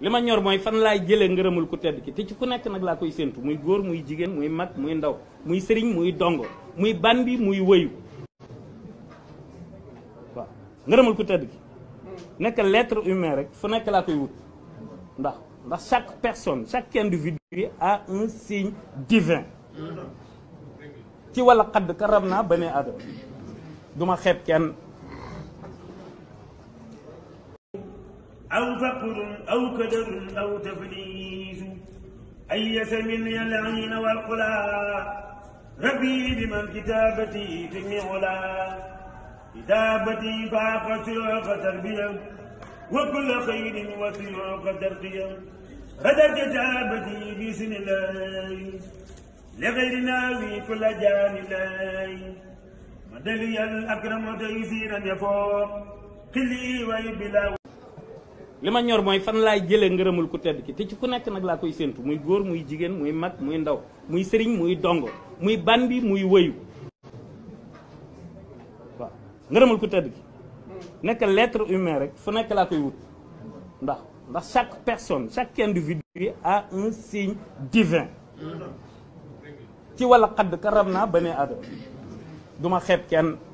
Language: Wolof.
li ma ñor mooy fan laay jëlee ngërëmul ku tedd ki te ci ku nekk nag laa koy séentu muy góor muy jigéen muy mag muy ndaw muy sëriñ muy dongo muy bandi muy wëyu waaw ngërëmul ku tedd ki nekk l'être humain rek fu nekk laa koy wut ndax ndax chaque personne chaque individu a un signe divin ci wala xadd karam naa ba ne aadama duma xeeb kenn أو فقر أو كدر أو تفليس أي سمي العين والقلاء ربي بمن كتابتي تجني علا كتابتي فاق سيوق تربية وكل خير وسيوق ترقية غدر كتابتي في سن الله لغيرنا في كل جان الله مدلي الأكرم تيسيرا يفوق قلي ويبلا li ma ñor mooy fan laay jëlee ngërëmul ku tedd ki te ci ku nekk nag laa koy sentu muy góor muy jigéen muy mag muy ndaw muy sëriñ muy dongo muy bandi muy wëyu waaw ngërëmul ku tedd ki nekk l'être humain rek fu nekk laa koy wut ndax ndax chaque personne chaque individu a un signe divin ci walla xadd karam naa ba ne aadama duma xeeb kenn